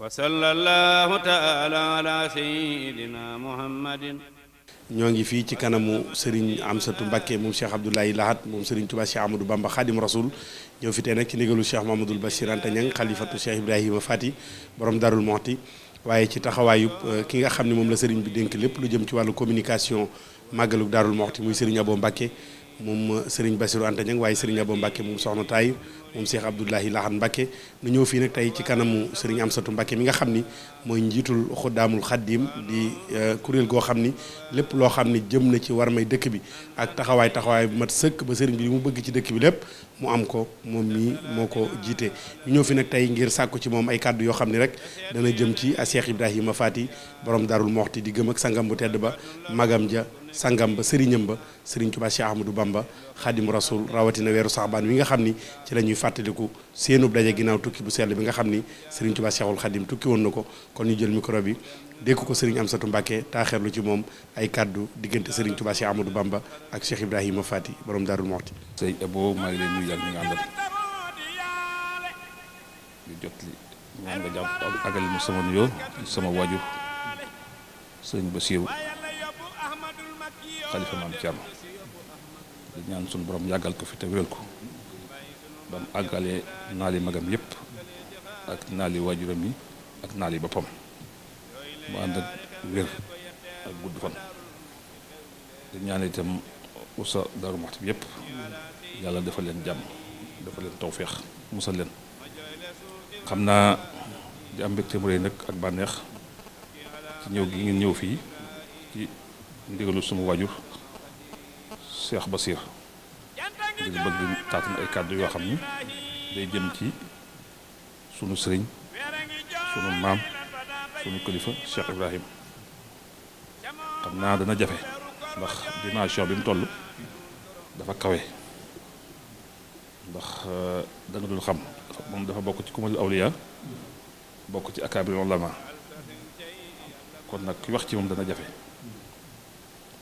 wasalla allahu taala ala sayidina muhammadin ñoo ngi fii ci kanamu Serigne Amsatu mbakke moom Cheikh Abdoulaye Lahat moom Serigne Touba Cheikh Amadou Bamba Khadim Rasoul ñëw fi tey nag ci ndigalu Cheikh Mamadou Bachir Anta Niang xalifatu Cheikh Ibrahima Fati borom Darul Moxti waaye ci taxawaayub euh, ki nga xam ne moom la Serigne bi dénk lépp lu jëm ci wàllu communication màggalu Darul Moxti muy Serigne Abo Mbacke moom Serigne Bassirou Anta Niang waaye Serigne Abo Mbacke moom soxna taay moom Cheikh Abdoulahi Lahan Mbacke nu ñëw fii nag tey ci kanamu Serigne amsatu Mbacke mi nga xam ni mooy njiitul xo daamul xaddim di euh, kuréel goo xam ni lépp loo xam ni jëm na ci war may dëkk bi ak taxawaay taxawaay bu mat sëkk ba Serigne bi li mu bëgg ci dëkk bi lépp mu am ko moom mii moo ko jiite. ñu ñëw fi nag tey ngir sàkku ci moom ay kàddu yoo xam ni rek dana jëm ci Cheikh Ibrahima Fati borom Darul Moxti di gëm ak sangam bu tedd ba magam ja sangam ba sëriñam ba serigne touba Cheikh Ahmadou Bamba rasoul rawati rawatina wéru sahaban wi nga xamni ci lañuy fatéliku Utuki dajé ginaaw tukki bu sel bi nga xamni serigne touba Tuubaa Cheikhul Xaadim tukki won nako kon ñu jël micro bi dékk ko sëriñ Amsatu Mbàkke ci mom ay cadeau digënté serigne touba Cheikh Ahmadou Bamba ak Cheikh ibrahim fati borom darul Muxti sey abo ma ngi lay nuyu yag ñu nga àndal di jot nga agal mu sama sama serigne bassirou خليفه مام تيام نيان سون بروم ياغال كو في تويل كو بام اغالي نالي ماغام ييب اك نالي واجورامي اك نالي بوبام مو اند وير اك غود فون نيان ايتام وسا دار محتب ييب يالا ديفال لين جام ديفال لين توفيق موسال لين خمنا دي امبيكتي موري نك اك بانيخ ci ñew gi ngeen ñew fii ci ndigalu suma wajur Cheikh Basir di bëgg taatam ay kàddu yoo xam ni day jëm ci sunu sëriñ sunu maam sunu kilifa Cheikh Ibrahim xam naa dana jafe ndax dimension bi mu toll dafa kawe ndax da nga dul xam moom dafa bokk ci kumalul awliya bokk ci akaabirul ulama kon nag ki wax ci moom dana jafe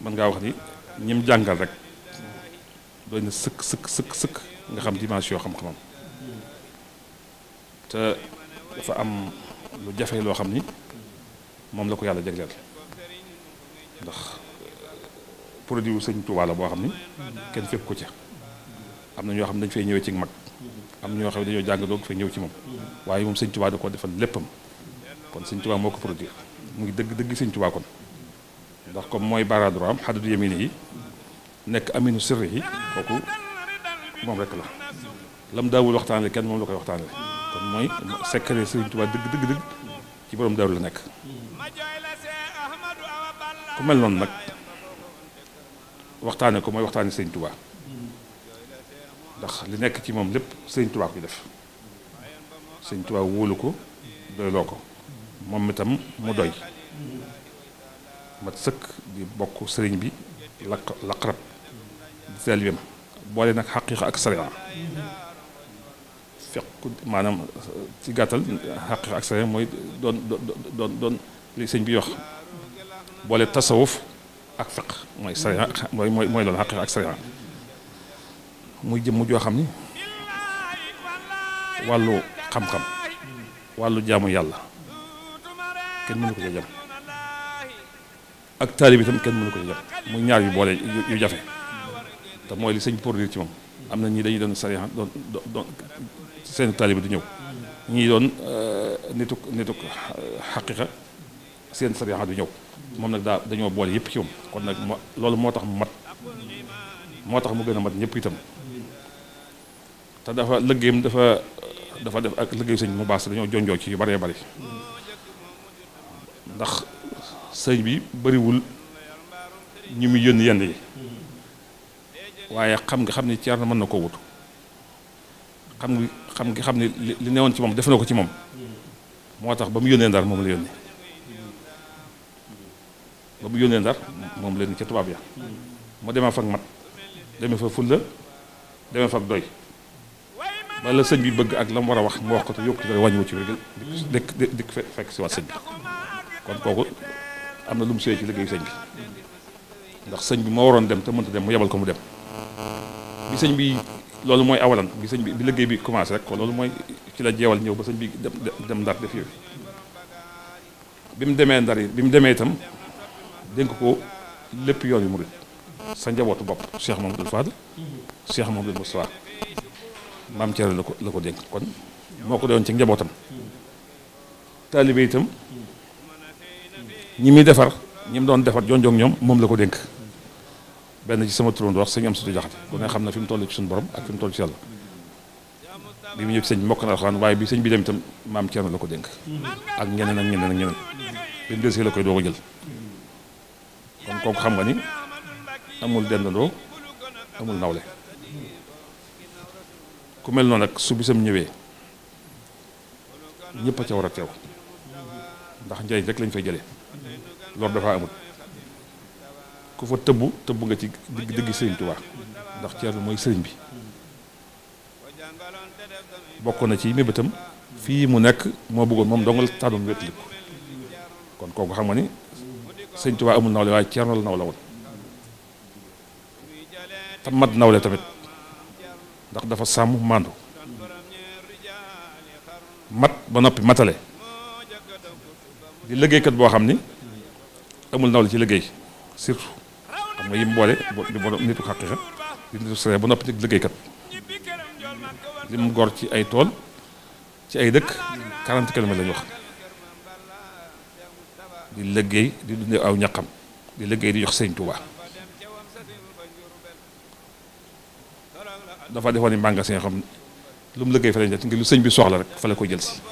mën ngaa wax ni ñim jàngal rek doy na sëkk sëkk sëkk sëkk nga xam dimension xam-xamam te dafa am lu jafe loo xam ni moom la ko yàlla jagleel ndax euh, produit wu sëñ Tuubaa la boo xam ni kenn fépp ko ca am na ñoo xam ne dañu fay ñëwee ci mag am na ñoo xam ne dañoo jàng doog fay ñëw ci moom waaye moom sëñ Tuubaa da ko defal léppam kon sëñ Tuubaa moo ko mu ngi dëgg dëgg sëñ Tuubaa kon ndax comme mooy bara droit am xaddu yemini yi nekk aminu sirri yi kooku moom rek la lam daawul waxtaanee kenn moom la koy waxtaanee kon mooy secret Sëriñ Tuubaa dëgg dëgg dëgg ci borom daaru la nekk ku mel noonu nag waxtaanee ko mooy waxtaanee Sëriñ Tuubaa ndax li nekk ci moom lépp Sëriñ Tuubaa koy def Sëriñ Tuubaa wóolu ko doyloo ko moom itam mu doy. mat sëkk di bokk sëriñ bi lakk laqrab di taalibeem boole nag xaqiiqa ak sariya fekk maanaam ci gàttal xaqiiqa ak sariya mooy doon doon doon li sëñ bi wax boole tasawuf ak fiq mooy sariya mooy mooy mooy loolu xaqiiqa ak sariya muy jëmm joo xam ni wàllu xam-xam wàllu jaamu yàlla kenn mënu ko jajam ak taalibe itam kenn mënu ko jàpp muy ñaar yu boole yu jafe te mooy li sëñ produire ci moom am na ñii dañuy doon sariya ah, doon doon seen taalibe du ñëw ñii doon nituk eh, nituk eh, xaqiqa seen sariya ah, du ñëw moom nag daa dañoo boole yëpp ci moom kon nag loolu moo tax mu mat moo tax mu gën a mat ñëpp itam te dafa lëggéeyam dafa dafa def ak lëggéeyu sëñ mu baax baas dañoo jonjoo ci yu bëree bëri ndax sëñ bi bariwul ñu mu yónni yenn yi waaye xam nga xam ni na mën na koo wutu xam nga xam nga xam ni li newoon ci moom def na ko ci moom moo tax ba mu yónnee ndar moom la yónni ba mu yónnee ndar moom la ni ca tubaab ya mu demee fa ak mat demee fa fulla demee fa ak doy bala sëñ bi bëgg ak la mu war a wax mu wax ko te yokk ci dara wàññiwu ci wér dikk dikk fekk si waat sëñ bi kon kooku am na lu mu ci liggéeyu sëñ bi ndax sëñ bi moo waroon dem te mënta dem mu yebal ko mu dem bi sëñ bi loolu mooy awalan bi sëñ bi bi liggéey bi commencé rek ko loolu mooy ci la jeewal ñëw ba sëñ bi dem dem ndar def yooyu bi mu demee ndar yi bi mu demee itam dénk ko lépp yoon yu murid sa njabootu bopp Cheikh Mamadou Fadl Cheikh Mamadou Moustapha maam Thierno la ko la ko dénk kon moo ko doon ci njabootam taalibe itam ñi muy defar ñi mu doon defar jonjoog ñoom moom la ko dénk benn ci sama turandoo wax sëñ Amsatu Jaxate ku ne xam na fi mu toll ci suñu borom ak fi mu toll ci yàlla bi mu ñëw ci sëñ mokk na alxuraan waaye bi sëñ bi dem itam maam Thierno la ko dénk ak ñeneen ak ñeneen ak ñeneen bi mu desee la koy doog a jël kon xam nga ni amul dendandoo amul nawle ku mel noonu nag su bisam ñëwee ñëpp a ca war a teew ndax njëriñ rek lañ fay jëlee loolu dafa amut ku fa tëbb tëbb nga ci digg digg sëriñ Tuubaa ndax bi mooy sëriñ bi bokk na ci mébétam fii mu nekk moo bëggoon moom dongal tànnoon wétali ko kon kooku xam nga ni sëriñ Tuubaa amul nawle waaye Ceerno la nawle woon te mat nawle tamit ndax dafa sàmm màndu mat ba noppi matale di liggéeykat boo xam ni amul nawle ci liggéey surtout xam nga yim boole di borom nitu xaqiqa di ba noppi nag liggéeykat li mu gor ci ay tool ci ay dëkk 40 kilomètres la ñu wax di liggéey di dundee aw ñaqam di liggéey di jox sëñ Touba dafa defoon ni magasin xam lu mu liggéey fa lañ lu sëñ bi soxla rek fa la jël si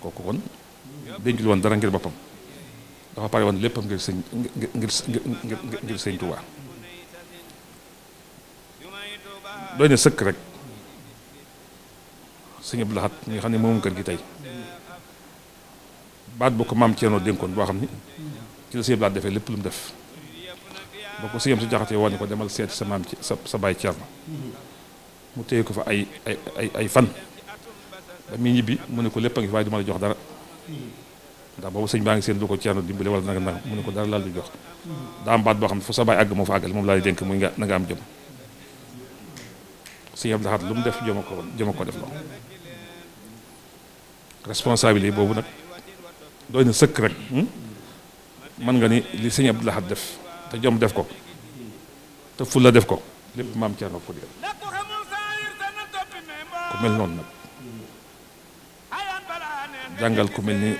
kooku kon denc dara ngir boppam. dafa pare lépp léppam ngir sëñ ngir ngir sëñ Tuubaa doy na sëkk rek sëñ Abdou Lahad mi nga xam ne moom kër gi tey baat bu ko maam Thierno dénkoon boo xam ne ci la sëñ Abdou defee lépp lu mu def boo ko sëñam si jaxatee woon ni ko demal seeti sa maam ci sa sa baay Thierno mu téye ko fa ay ay fan ba muy ñibbi mu ne ko lépp a ngi fi waaye la jox dara. ndax boobu sëñ baa ngi seen lu ko ceerno dimbale wala nanga na mu ne ko dara laal du jox daa boo xam ne fu sa baay àgg moo fa àggale moom laa dénk muy nga na nga am jëm sëñ Abdou lu mu def jëma ko jëma ko def lo boobu nag doy sëkk rek hmm? nga ni li sëñ Abdou Lahad def te jom def ko te fulla def ko lépp maam ceerno ko digal ku mel noonu nag jàngal ku mel ni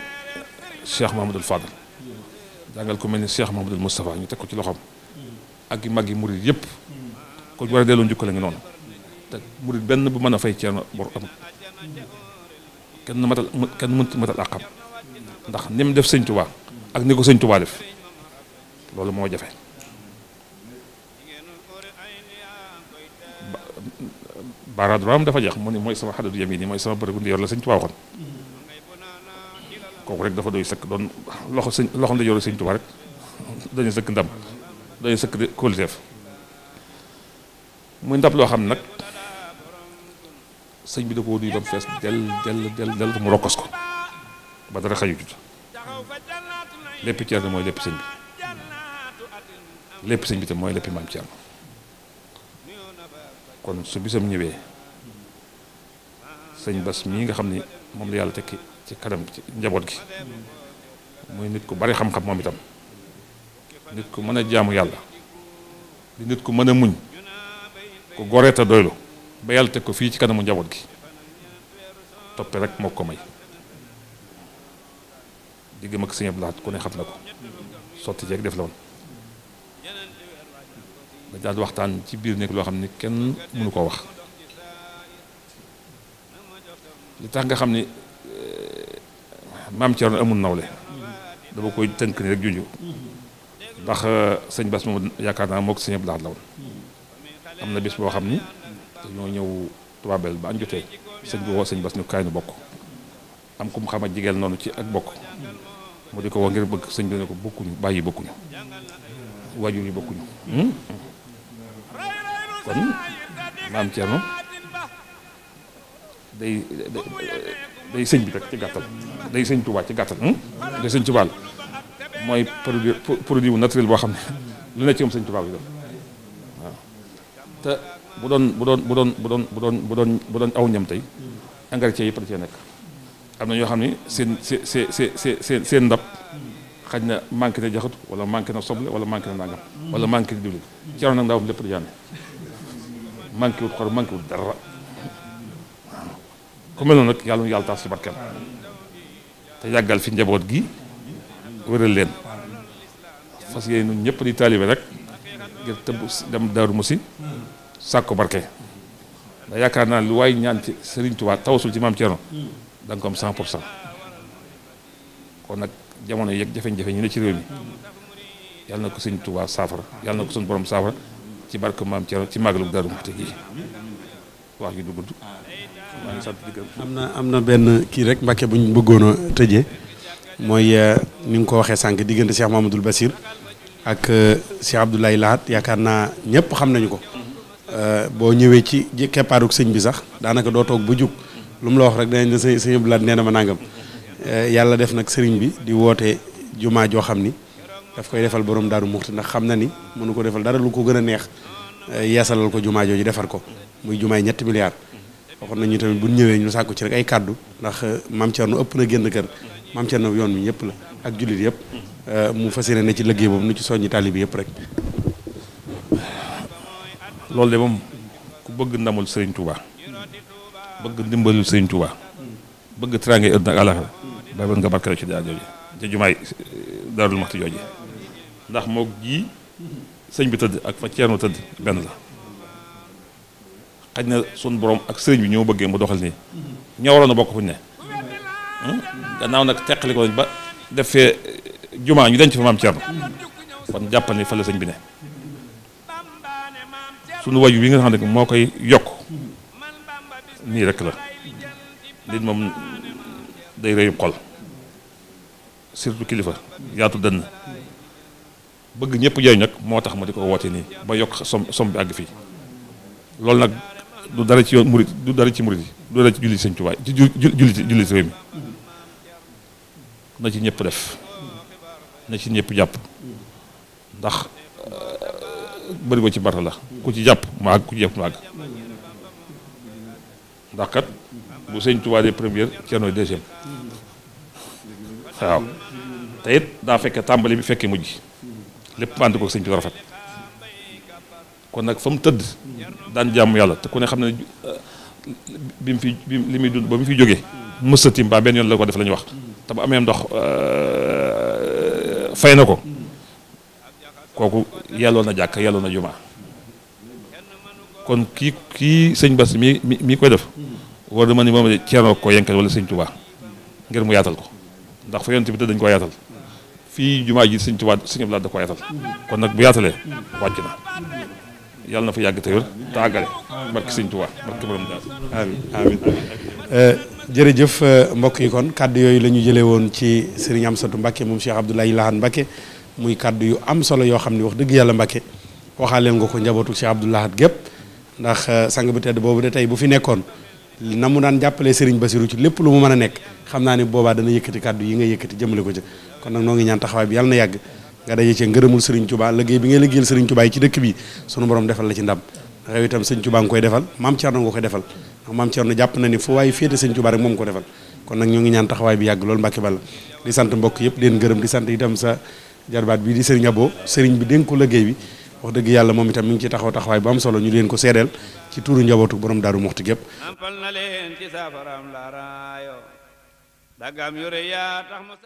الشيخ محمود الفاضل داغال كو الشيخ محمود المصطفى ني تكو تي لوخوم اك ماغي موريد ييب كو جوار ديلو نديكو لي نون تا موريد بن بو مانا فاي تيانو بور ام كن ماتال كن مونت ماتال اقام ndax nim def seigne touba ak niko seigne touba def lolou mo jafé baradram dafa jex moni moy sama hadd yamini moy sama beug ndiyor la seigne touba waxon kooku rek dafa doy sëkk doon loxo sëñ loxo ndeyjooru sëñ Tuubaa rek dañu sëkk ndam dañu sëkk de kóoluteef muy ndab loo xam ne nag sëñ bi da koo duy ba mu fees del del del del mu rokkos ko ba dara xayu jut lépp Ceerno mooy lépp sëñ bi lépp sëñ bi tam mooy lépp maam Ceerno kon su bisam ñëwee sëñ Bas mii nga xam ni moom la yàlla tekki ci kanam ci njaboot gi muy nit ku bari xam-xam moom itam nit ko mën a jaamu yàlla di nit ku mën a muñ ku goree te doylu ba yàlla teg ko fii ci kanamu njaboot gi toppe rek moo ko may diggam ak sëñ laa ku xam na ko sotti jeeg def la woon da daal waxtaan ci biir nekk loo xam ni kenn mënu koo wax li tax nga xam ni maam Thierno amul nawle dama koy tënk ni rek junj ndax euh, sëñ Bass moom yaakaar naa moo ko sëñ Abdoulaye la woon am na bis boo xam ni dañoo ñëw tubaabel ba añ jotee sëñ bi woo sëñ Bass ñu kaay nu bokk am ku mu xam ak jigéen noonu ci ak bokk mu di ko wax ngir bëgg sëñ bi ne ko bokkuñu bàyyi bokkuñu waajur yi bokkuñu hmm? kon maam Thierno day day sëñ bi rek ci gàttal day sëñ Tuubaa ci gàttal hmm? day sëñ Tuubaa mooy produit produit bu naturel boo xam ne lu ne ci moom sëñ Tuubaa bi def waaw te bu doon bu doon bu doon bu doon bu doon bu doon bu doon aw ñam tey engrais yëpp da cee nekk am na ñoo xam ne seen seen seen seen seen ndab xaj na manqué na jaxatu wala manqué na soble wala manqué na nangam wala manqué na diwlin ci ron nag ndaawam lépp da jaane manqué wut xor manqué wut dara ku mel noonu yalla yalla na yàlla taas ci te yàggal fi njabot gi wëral leen fas yéene ñun ñëpp di talibé rek ngir tëbb dem daru Musi sakko barke da yaakaar naa lu way ñaan ci serigne touba tawsul ci mam Thierno da nga ko am 100 kon nak jamono yek jafe-jafe ñu ci réew mi yalla na serigne touba safara yalla yàlla sun borom safara ci barke mam Thierno ci maglu daru Muxti wax yi du gudd am na am na benn kii rek mbàkke bu ñu bëggoon a tëjee mooy euh, ni nga ko waxee sànq diggante Cheikh Mamadou Bassir ak euh, Cheikh Abdoulaye Lahat yaakaar naa ñëpp xam nañu ko. Euh, boo ñëwee ci keppaaruk sëñ bi sax daanaka doo toog bu jug lu mu la wax rek danañ sëñ sëñ Abdou nee na ma nangam yàlla def nag sëriñ bi di woote jumaa joo xam ni daf koy defal borom daaru muxti ndax xam na ni mënu ko defal dara lu ko gën a neex yeesalal ko jumaa jooju defar ko muy jumaay ñetti milliards. waxoon nañu tamit bu ñëwee ñu sàkku ci rek ay kàddu ndax euh, maam Thierno ëpp na génn kër maam Thierno yoon mi ñëpp la ak jullit yëpp euh, mu fas yéene ne ci liggéey boobu nu ci soññi taalibe yëpp rek. loolu de moom ku bëgg ndamul Serigne Touba bëgg ndimbalul Serigne Touba bëgg teraange ëdd ak àllaxira ba nga barkeel ci daal jooju ca jumaay euh, daarul maxti jooju ndax moog ji sëñ bi tëdd ak fa Thierno tëdd benn la. xaj sun borom ak serigne bi ñoo bëgge mu doxal ni ñawra na bokku bokk ne gannaaw nak tekkali ko ba def fe juma ñu denc fa mam ciar fon jàppal ni fa la serigne bi ne sunu waju bi nga xam nak mo koy yok ni rek la nit mom day reuy xol surtout kilifa yaatu den bëgg ñëpp jooy nak motax tax diko woté ni ba yok som som bi ag fi loolu nak lu dara ci yoon murit du dara ci murit du dara ci julli sëñ Tuubaa ci julli julli si na ci ñëpp def na ci ñëpp jàpp ndax euh, bëri ko ci mbata la ku ci jàpp mu ku ci jàpp mu àgg ndax kat bu sëñ Tuubaa de première Cerno deuxième waaw te daa fekke tàmbali bi fekkee mujj lépp ànd ko sëñ bi rafet kon nag fa tëdd daan jaamu yàlla te ku ne xam ne euh, bi mu fi bi li muy dund ba mu fi jógee mësati mbaa benn yoon la ko def la ñu wax te bu amee ndox euh, fay na ko kooku yelloon na jàkk yelloon na jumaa kon kii kii sëñ Bass mi mi mii koy def war na ma ni moom de Ceerno ko sëñ Tuubaa ngir mu yaatal ko ndax fa yonent bi dañ koo yaatal fii jumaa ji sëñ Tuubaa sëñ Abdu Lahat da koo yaatal kon nag bu yaatalee wàcc na yàlla na fa yàgg te wér te àggale barki sëñ Tuubaa barki borom daal amiin amiin euh, jërëjëf euh, mbokk yi kon kàddu yooyu la ñu jëlee woon ci sëriñ Amsatu Mbàkke moom Cheikh Abdoulaye Lahad Mbàkke muy kàddu yu am solo yoo xam ne wax dëgg yàlla Mbàkke waxaaleen nga ko njabootu Cheikh Abdoulaye Lahad gépp ndax euh, sang bu tedd boobu de tey bu fi nekkoon na mu daan jàppalee sëriñ Basiru ci lépp lu mu mën a nekk xam naa ne boobaa dana yëkkati kàddu yi nga yëkkati jëmale ko ci kon nag noo ngi ñaan taxawaay bi yàlla na yàgg nga daje ci ngërëmul Serigne Touba liggéey bi ngay liggéeyal Serigne Touba yi ci dëkk bi sunu borom defal la ci ndam ndax yow itam Serigne Touba nga koy defal maam Thierno defal ndax maam Thierno jàpp yëpp leen bi di Serigne bi wax dëgg yàlla moom itam mi ngi ci taxaw taxawaay bu am solo ñu leen ko seedeel ci tuuru njabootu borom daaru muxti gépp ampal